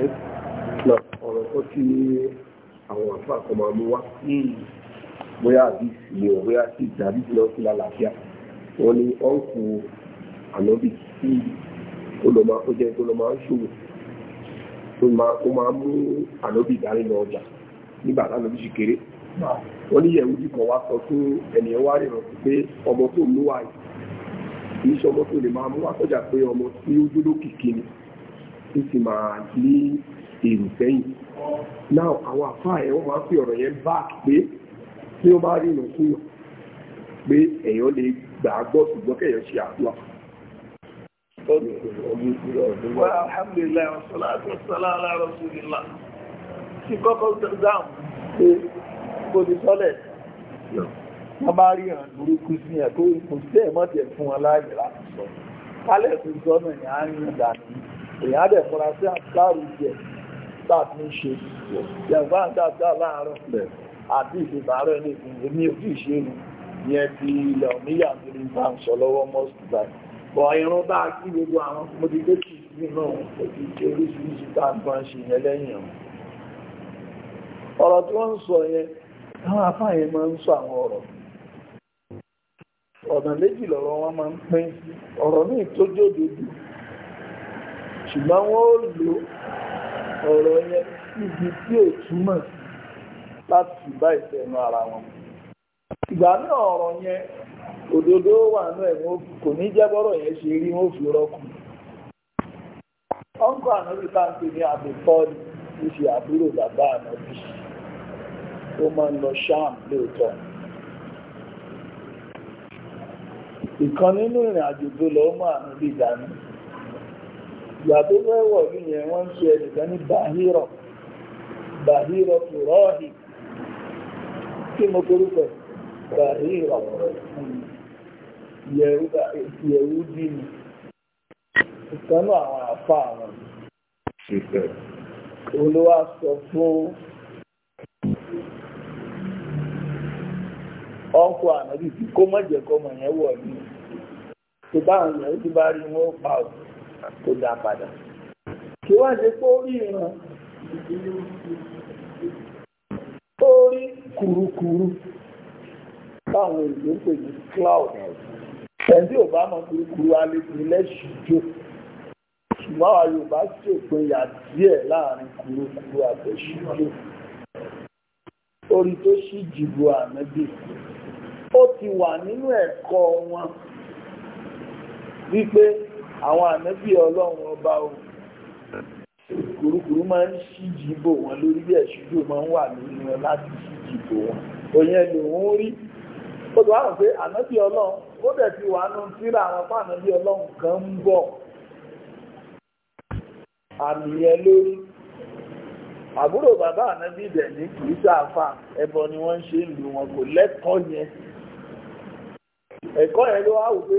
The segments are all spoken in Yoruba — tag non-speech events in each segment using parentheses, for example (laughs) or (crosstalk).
ọ̀rọ̀ tó kí àwọn àfà kan máa mú wá hmm. bóyá àbí ìsinmi ò bóyá sí ìdàbí lọ sí lálàáfíà wọn ni ọ̀nkù ànábì tí ó lọ máa ó jẹ́ tó lọ máa ń ṣòwò tó máa mú ànábì dání lọ ọjà nígbà tánàbì ṣì kéré wọn ní yẹ̀wù tí kan wá sọ fún ẹnìyẹn wá rìnrìn sí pé ọmọ tó mú wáyé kì í ṣe ọmọ tó lè máa mú wá sọ́jà pé ọmọ tí ó dúró kìkì ni tó sì máa ní èrò sẹ́yìn náà àwọn àfáà ẹ̀ wọ́n máa fi ọ̀rọ̀ yẹn back pé tí ó bá rí ìnà fún yàn pé èèyàn lè gbà á gbọ́ ṣùgbọ́n kẹ̀yàn ṣe àdúrà. alhamdulilayi wa salatu wa salam ala rasulillah ti kọ́kọ́ dáhùn pé kò ní sọ́lẹ̀ wọ́n bá rí ìrìn burúkú sí ẹ̀ kó kò fún wọn láàyè láti sọ kálẹ̀ tó sọ́nà ní àárín ìdàní èèyàn á dẹ̀ fúnra sí àtàrù jẹ bá a ti ń ṣe yẹ̀wò àgbàgbà láàárọ̀ àti ìfìbàárọ̀ ilé ìpínlẹ̀ ní ojú ìṣèlú yẹn ti ilẹ̀ òmíyà tó ní bá ń sọ lọ́wọ́ mọ́sùn báyìí bọ̀ irun bá kí gbogbo àwọn mọ́tíkẹ́tì nínú òkè tí oríṣiríṣi tá a gbọ́n ṣe yẹn lẹ́yìn ọ̀hún ọ̀rọ̀ tí wọ́n ń sọ yẹn àwọn afáyẹn máa ń sọ àwọn ọ̀rọ̀ ọ̀nà méjì lọ̀rọ̀ wọn máa ń pín ọ̀rọ̀ míì tó jódodo ṣùgbọ́n wọ́n ó lo ọ̀rọ̀ yẹn síbi tí ò túmọ̀ láti bá ìfẹ̀nu ara wọn. ìgbà náà ọ̀rọ̀ yẹn òdodo wà náà ẹ̀ kò ní jẹ́bọ́rọ̀ yẹn ṣe rí wọ́n fi ànábì ní àbẹ̀fọ́ọ̀lì ti ṣe àbúrò bàbá ànábì ó máa ń nínú ìrìn àjò tó ìyà tó wẹ́wọ̀ ní yẹn wọ́n ń ṣe ẹnìkan ní bàhírọ̀ bàhírọ̀ tó rọ́ọ̀hì kí mo bàhírọ̀ yẹ̀wú ìkanú àwọn àwọn sọ fún ọkọ̀ ànábì kó mọ̀jẹ̀kọ́ tó dá padà kí wá ṣe pé ó rí ìran ó rí kùrukùru báwọn èèyàn pè ní cloud ẹni tí ò bá mọ kùrukùru alẹ́kùn lẹ́ṣùjò ṣùgbọ́n àwọn Yorùbá sì òpinya díẹ̀ láàrin kùrukùru àtẹ̀ṣùjò orí tó ṣì jìbò ànábì ó ti wà nínú ẹ̀kọ́ wọn wípé àwọn ànábì ọlọ́run ọba o kùrukùru máa ń ṣíjì bò wọn lórí bí ẹ̀ṣújú máa ń wà lórí wọn láti ṣíjì bò wọn òyìn lòun rí ó tó wáhùn pé ànábì ọlọ́run ó dẹ̀ ti wà nù síra àwọn fún ànábì ọlọ́run kan ń bọ̀ àmì yẹn lórí àbúrò bàbá ànábì dẹ̀ ní kìí sáfà ẹbọ ni wọ́n ń ṣe ń lu wọn kò lẹ́kọ̀ọ́ yẹn ẹ̀kọ́ yẹn ló wá pé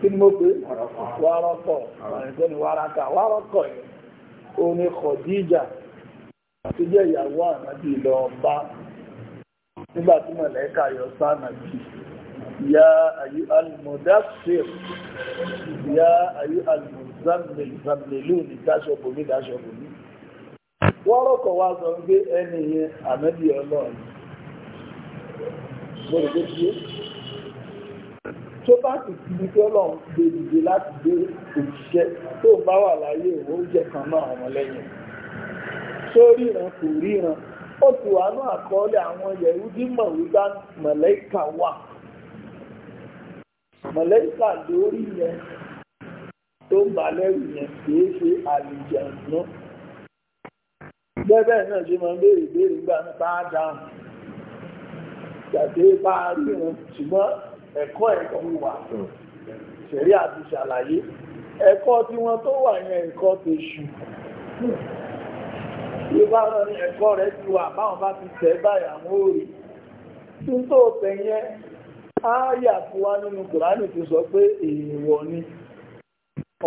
kí ni mo pè wárọ́kọ̀ ọ̀rẹ́gbẹ́ni wáraka wárọ́kọ̀ yẹn ó ní kọ̀díjà tó jẹ́ ìyàwó ànábì lọ bá nígbà tí mọ̀lẹ́kà yọ sánàbì ya ayu almudassir ya ayu almuzammil zammilu ni dáṣọ bòmí dáṣọ bòmí wárọ́kọ̀ wá sọ pé ẹni yẹn ànábì ọlọ́run tó bá sì ti di pé ọlọ́run gbé dìde láti gbé òṣìṣẹ́ tó bá wà láyé oúnjẹ kan náà àwọn lẹ́yìn tó ríran kò ríran ó ti wà ní àkọọ́lẹ̀ àwọn yẹ̀húdí mọ̀ wípé mọ̀lẹ́kà wà mọ̀lẹ́kà lórí yẹn tó ń bà lẹ́rù yẹn kìí ṣe àlùjànnú bẹ́ẹ̀ náà ṣe máa ń béèrè béèrè nígbà náà bá dáhùn gbàgbé bá ríran ṣùgbọ́n ẹ̀kọ́ ẹ̀kọ́ wà hmm. ṣẹ̀rí àti ṣàlàyé ẹ̀kọ́ tí wọ́n tó wà yẹn ẹ̀kọ́ tó ṣù bí bá rán ní ẹ̀kọ́ rẹ̀ ti wà báwọn bá ti tẹ̀ báyà àwọn òòrì tí tó tẹ̀ yẹn ááyà tí wá nínú kùránì tó sọ pé èèwọ̀ ni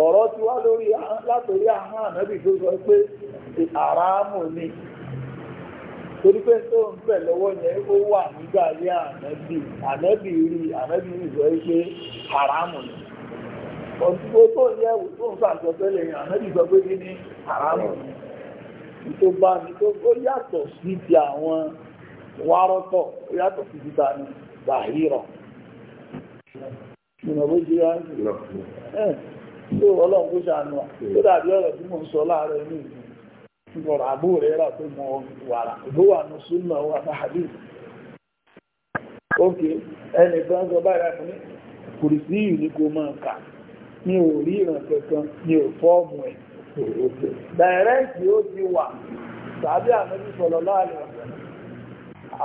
ọ̀rọ̀ tí wá lórí látòrí àhán ànábì tó sọ pé àràámù ni torí pé tó ń bẹ̀ lọ́wọ́ yẹn ó wà nígbà rí ànábì ànábì rí ànábì rí ìwé ṣe haramu ni ọdúnwó tó ń yẹ̀wò tó ń fàṣọ tẹ́lẹ̀ yẹn ànábì sọ pé kí ni haramu ni tó bá mi tó ó yàtọ̀ sí ti àwọn wárọ́tọ̀ ó yàtọ̀ sí ti ta ni bàhírọ̀ ìmọ̀ bó ṣe wá ń sè é tó ọlọ́run kó ṣàánú wa tó dàbí ọ̀rọ̀ tí mò ń sọ láàárọ̀ inú ìlú ọ̀rọ̀ àbú rẹ̀ rà tó mọ wàrà ìbó wà ní súnmọ̀ wà ní hadith ok ẹnì kan sọ báyìí láti ní kùrìsí yìí ni kò máa kà ní orí ìràn kankan ní òfọ́ọ̀mù ẹ̀ dàírẹ́ǹtì ó ti wà tàbí àmọ́jú sọ̀rọ̀ láàrin ọ̀sẹ̀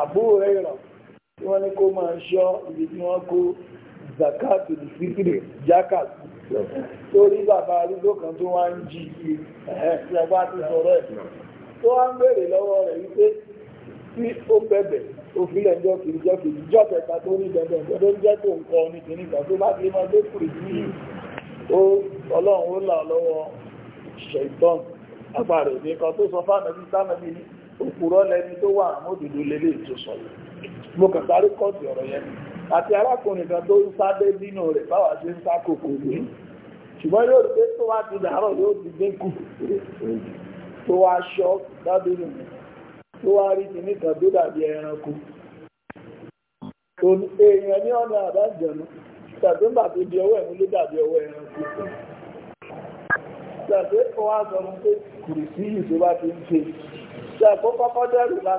àbú rẹ̀ rà tí wọ́n ní kó máa ṣọ́ ibi tí wọ́n kó zakat ìdìsítìrì jákàtì torí bàbá arúgbó kan tó wá ń jí ẹ̀ẹ́dẹ́gbá ti sọ̀rọ̀ ẹ̀ tó wá ń béèrè lọ́wọ́ rẹ̀ wípé tí ó bẹ̀bẹ̀ òfilẹ̀ ń jọ́kì jọ́kì jọ́kẹta tó ní dandan tó jẹ́ tó ń kọ ní kìnnìkan tó bá ti mọ́ dé kùrì ní ọlọ́run ó là lọ́wọ́ ṣẹ̀tọ́n agbára òní kan tó sọ àti arákùnrin kan tó ń sábẹ́ dínà rẹ̀ báwa ṣe ń sákòókò ní ṣùgbọ́n yóò dé tó wá ti dàárọ̀ yóò ti dínkù tó wá aṣọ dábìnú tó wá rí kìíní kan tó dàbí ẹranko èèyàn ní ọ̀nà àbájọ̀nù tàbíńbà tó di ọwọ́ ẹ̀mú ló dàbí ọwọ́ ẹranko tàbí ó wá sọ fún pé kùrìsì yìí tó bá ti ń ṣe ṣe kọ́kọ́ dẹ́rù la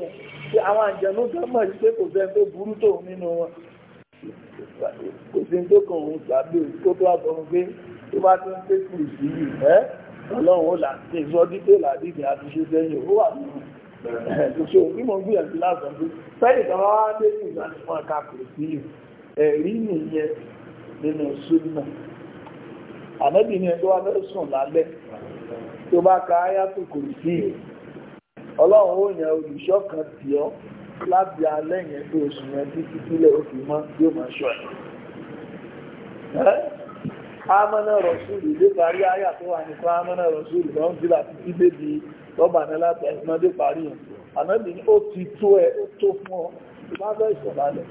yẹn pé àwọn àjẹ̀nú kan mọ̀ sí pé kò fẹ́ tó burú tó nínú wọn kò sí tó kàn òun tàbí kó tó wà bọ̀rùn pé tó bá ti ń pé kù sí yìí ẹ́ ọlọ́run ó là ní ìsọdí tó làdí ìdí àti ṣe sẹ́yìn ó wà nínú ṣoṣo bí mo gbìyànjú lásán pé sẹ́yìn kan wá dé ní ìdánimọ̀ ká kù sí yìí ẹ̀rí nìyẹn nínú súnmọ̀ àmẹ́bí ni ẹjọ́ wa fẹ́ sùn lálẹ́ tó bá ka ayá tó kù sí yìí ọlọ́run ó yàn olùṣọ́ kan tì ọ́ láti alẹ́ yẹn tó oṣù yẹn títí sílẹ̀ ó fi mọ́ yóò máa ṣọ́ ẹ̀. amọ́nà rọ̀ṣùlù ló parí àyà tó wà nípa amọ́nà rọ̀ṣùlù lọ́n ti là títí débi lọ́gbà náà láti ẹ̀sán dé parí yẹn. ànábì ni ó ti tó ẹ ó tó fún ọ bá fẹ́ ìṣọ̀lálẹ̀.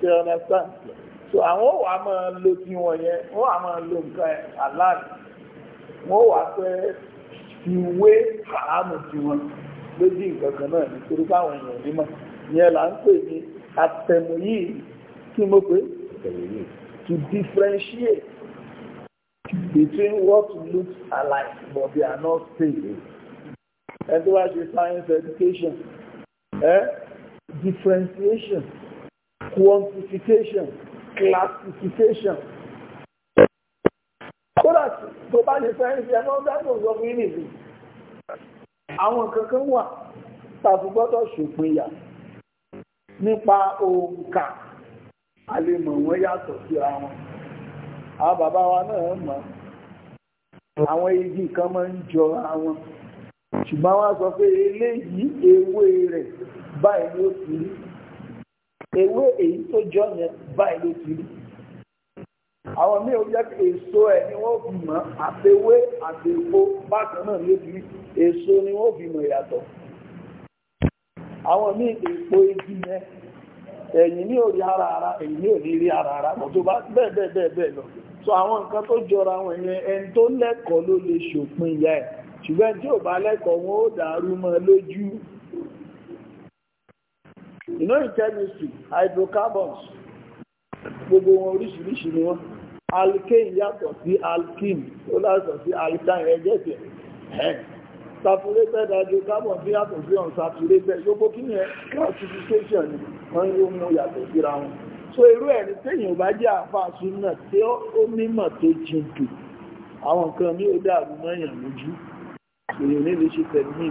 ṣe ọ̀nà sáà so àwọn ò wá máa lo tiwọn yẹn wọ́n á máa lo nǹkan aláàbì fi wé haramu tiwọn lójú ìkankan náà nítorí báwọn èèyàn ní mọ̀ ìyẹn là ń pè ní atẹ̀mù yìí kí mo pè to differentiate between what looks alike but they are not same ẹni tó wá science education eh? differentiation quantification classification tó bá lè fẹ́ ṣe ẹgbẹ́ ọ̀dọ́ sọ fún ìrìnlẹ̀ àwọn kankan wà tàbí gbọ́dọ̀ ṣòpinya nípa òǹkà a lè mọ̀ wọ́n yàtọ̀ síra wọn àwọn bàbá wa náà mọ̀ àwọn igi kan máa ń jọ àwọn ṣùgbọ́n wọ́n sọ pé eléyìí ewé rẹ̀ báyìí ló ti rí ewé èyí tó jọ yẹn báyìí ló ti rí àwọn míì ó jẹ́ pé èso ẹ̀ ni wọ́n fi mọ̀ àtewé àtepo bákan náà ló fi èso ni wọ́n fi mọ̀ ìyàtọ̀ àwọn míì èpo igi yẹn ẹ̀yìn ní òrí ara ara ẹ̀yìn ní òrí rí ara ara mọ̀ tó bá bẹ́ẹ̀ bẹ́ẹ̀ bẹ́ẹ̀ bẹ́ẹ̀ lọ so àwọn nǹkan tó jọra wọn yẹn ẹni tó lẹ́kọ̀ọ́ ló lè ṣòpin ìyá ẹ̀ ṣùgbọ́n tí ò bá lẹ́kọ̀ọ́ wọn ó dàrú mọ́ lójú you know in chemistry hydrocarbons gbogbo wọn oríṣiríṣi ni wọ́n alkane yàtọ̀ sí alkene ó láìsọ̀ sí alkyne ẹgẹ́sì ẹ̀ saturated hydrocarbon tí yàtọ̀ sí unsaturated yóò kókí ní classification ni wọ́n yóò mú yàtọ̀ síra wọn so irú ẹni téèyàn bá jẹ́ àfàṣù náà tí ó mímọ̀ tó jìnkì àwọn nǹkan ní ó dàrú mọ́yàn lójú èèyàn nílé ṣe tẹ̀lé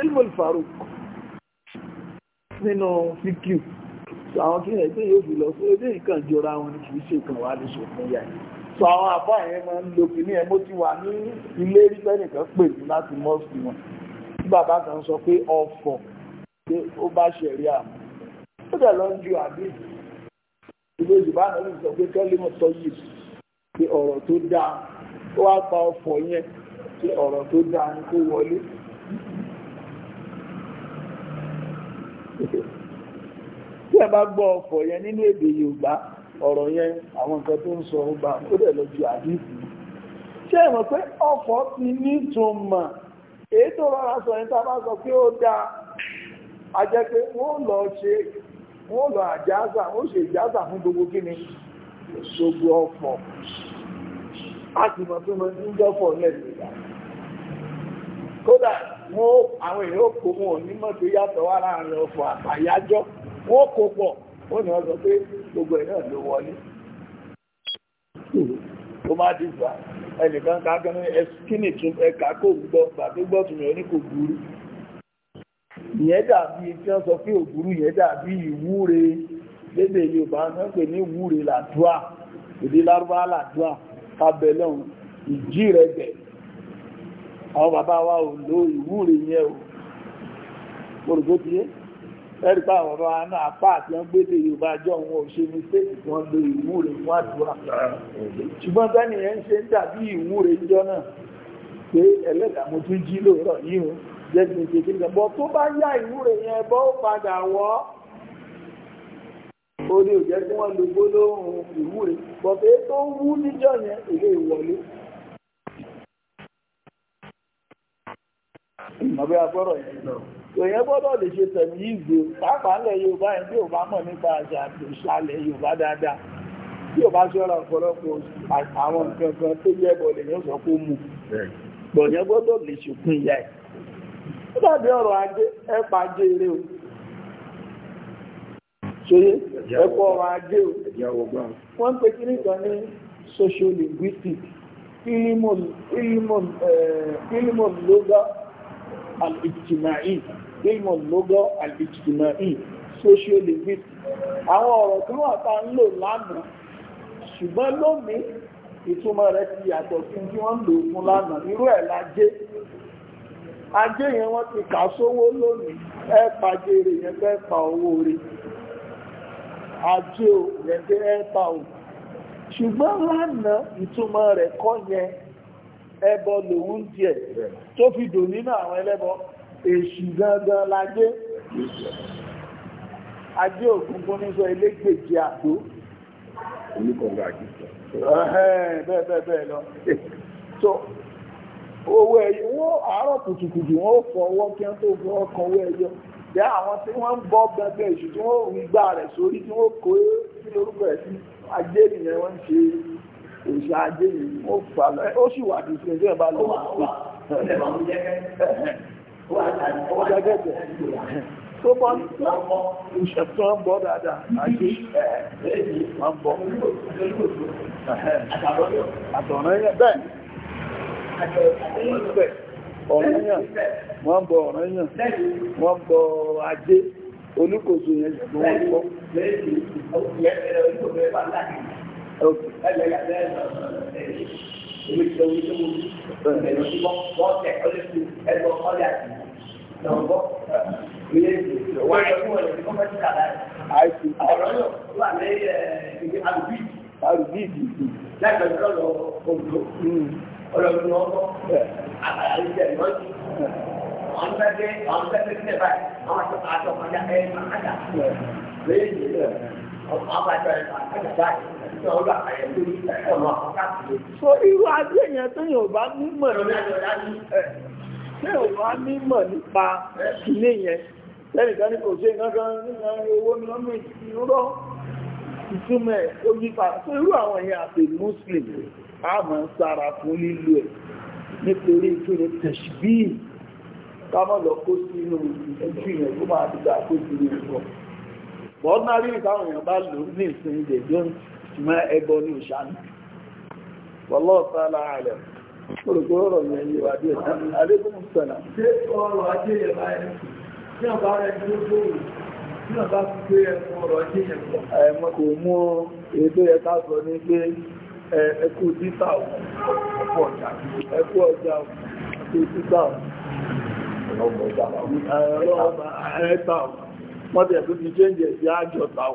ilmul Faruq nínú fíkìú so àwọn kí ẹ̀ pé yóò fi lọ fún ilé nǹkan jọra wọn ni kìí ṣe kan wà ní ṣòfin yà ní so àwọn àbá yẹn máa ń lo kìíní ẹ̀ mo ti wà ní ilé rí pẹ́nìkan pè mí láti mọ́ọ̀sì wọn tí bàbá kan sọ pé ọ̀fọ̀ pé ó bá ṣẹ̀rí àmọ́ ó dẹ̀ lọ ń ju àbí ìlú ìjùbá náà sọ pé kẹ́límọ̀ tọ́ yìí pé ọ̀rọ̀ tó dáa ó wá gba ọ̀fọ̀ yẹn pé ọ̀rọ̀ tó dáa ni kó wọlé. tí ẹ bá gbọ́ ọ̀fọ̀ yẹn nínú èdè Yorùbá ọ̀rọ̀ yẹn àwọn nǹkan tó ń sọ ọgbà ó dẹ̀ lọ ju àdínkù ṣé ẹ mọ̀ pé ọ̀fọ̀ ti ní ìtumọ̀ èyí tó rọra sọ yẹn tá a sọ pé ó dáa a jẹ́ pé wọ́n lọ ṣe wọ́n lọ gbogbo kí ni ọ̀fọ̀ a sì mọ̀ pé mo ń kódà àwọn èèyàn wọn ní mọ̀ tó yàtọ̀ wá láàrin ọ̀fọ̀ àtàyájọ́ wọ́n kó pọ̀ ó ní wọ́n sọ pé gbogbo ẹ̀ náà ló wọlé tó má dìgbà ẹnìkan kákan ẹ̀kíní tún ẹ̀ka kò gbọ́ bàtí gbọ́ tún yẹn ní kò burú ìyẹn dàbí tí wọ́n sọ pé òbúrú yẹn dàbí ìwúre lédè Yorùbá wọ́n pè ní ìwúre làdúà èdè lárúbá làdúà kábẹ́lọ́hún ìjì rẹ̀ bẹ̀ àwọn bàbá wa ò lo ìwúre yẹn o mo rò bó ti yé ẹ̀rí pa àwọn ọ̀rọ̀ àná apá àti ọgbẹ́lẹ̀ yorùbá jọ wọn ò ṣe mistake tí wọ́n lo ìwúre fún àdúrà ṣùgbọ́n sẹ́ni yẹn ń ṣe ń dàbí ìwúre jọ náà pé ẹlẹ́dàá mo tún jí lóòrọ̀ yìí o jẹ́ kí n ṣe kí n bọ́ tó bá yá ìwúre yẹn bọ́ ó padà wọ́ ó ní òjẹ́ tí wọ́n lo gbólóhùn ìwúre bọ̀tẹ́ tó wú níjọ́ yẹn agbọ́rọ̀ yẹn lọ èèyàn gbọ́dọ̀ lè ṣe tẹ̀mí ìgbò pàápàá lẹ̀ yorùbá yẹn tí ò bá mọ̀ nípa àṣà ìṣàlẹ̀ yorùbá dáadáa tí ò bá ṣọ́ra ọ̀pọ̀lọpọ̀ àwọn nǹkan kan tó yẹ bọ̀ lèyàn sọ pé mú gbọ̀nyẹ́ gbọ́dọ̀ lè ṣòkun ìyá ẹ̀ ó dàbí ọ̀rọ̀ ajé ẹ pa ajé eré o ṣòye ẹ kọ ọ̀rọ̀ ajé o wọ́n ń pe kíní kan ní sociolinguistic ilimol ilimol ilimol loga al-ijtima'i ilmọ̀ lọ́gọ́ al-ijtima'i sociolinguist àwọn ọ̀rọ̀ tí wọ́n ta ń lò lánàá ṣùgbọ́n lónìí ìtumọ̀ rẹ̀ ti yàtọ̀ sí tí wọ́n lò fún lánàá irú ẹ̀ lájé ajé yẹn wọ́n ti kà sówó lónìí ẹ pàjèrè yẹn fẹ́ pa owó rẹ̀ ajé ò yẹn fẹ́ pa ò ṣùgbọ́n lánàá ìtumọ̀ rẹ̀ kọ́ yẹn ẹbọ lòun díẹ̀ tó fi dò nínú àwọn ẹlẹ́bọ èṣù gangan lájé ajé òkun fún ní sọ elégbèjì àgbó bẹ́ẹ̀bẹ́ẹ̀ lọ so owó ẹyọ wọ́n àárọ̀ kùtùkùtù wọ́n fọwọ́ kí wọ́n tó fọwọ́ kan owó ẹyọ jẹ́ àwọn tí wọ́n ń bọ́ gbẹgbẹ́ èṣù tí wọ́n rí gbà rẹ̀ sórí tí wọ́n kó sí lórúkọ ẹ̀ sí ajé nìyẹn wọ́n ń ṣe òṣà ajé yìí ó sì wà ní ìṣẹ̀lẹ̀ ìbá lọ tó bọ́ ìṣẹ̀tọ́ bọ́ dáadáa ajé wọ́n wọ́n bọ̀ ọ̀rẹ́yàn wọ́n bọ̀ ajé olúkòso yẹn ṣẹ̀tọ́ wọ́n bọ́ Àrùbíìdì. Láìpẹ́ ìjọ lọ òdò. Ọlọ́run ọgbọ́n. Àbàlá ìjẹ́ ìmọ́jú. Àwọn ọ̀dọ́gbẹ́ àwọn ọ̀dọ́gbẹ́ sílẹ̀ báyìí. Àwọn àtọ́kọ̀ àjọ kan já ẹ̀ so irú adé yẹn tó yàn bá mímọ̀ ní ọ̀bá mímọ̀ nípa ilé yẹn lẹ́nìkan ní kò ṣe nǹkan nǹkan owó nọ́mì ìrọ́ ìtumẹ̀ ó yípa so irú àwọn èèyàn àti muslim a máa ń sára fún lílo ẹ̀ nítorí ìtúrò tẹ̀ṣbí kámọ́ lọ kó sínú ojú yẹn tó máa dìgbà kó sínú ìrọ̀ bọ́ọ̀nárì ìtàwọn èèyàn bá lò ní ìsinyìí ṣùgbọ́n ẹgbọ́ ní òṣàánú wọ́lọ́ọ̀tàlá àlẹ̀ olùgbòrò yẹn yíwa díẹ̀ alẹ́gbùn sọ̀nà ṣe ọrọ̀ ajé yẹn báyìí ní ọ̀bá rẹ̀ ní ó gbòòrò ní ọ̀bá pé ẹ̀kọ́ ọrọ̀ ajé yẹn sọ ọ̀pọ̀ ọjà ọjà ọ̀pọ̀ ọjà ọ̀pọ̀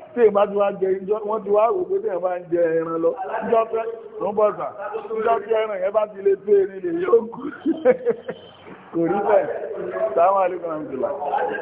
tí ìbá ti wá jẹ ìjọ wọ́n ti wá rò pé tí ẹ̀bá ń jẹ ẹran lọ ìjọ pẹ́ wọ́n bọ̀ sà ìjọ pẹ́ ẹran yẹn bá ti lè tó erin lè yóò kú (laughs) kò rí bẹ́ẹ̀ sáwọn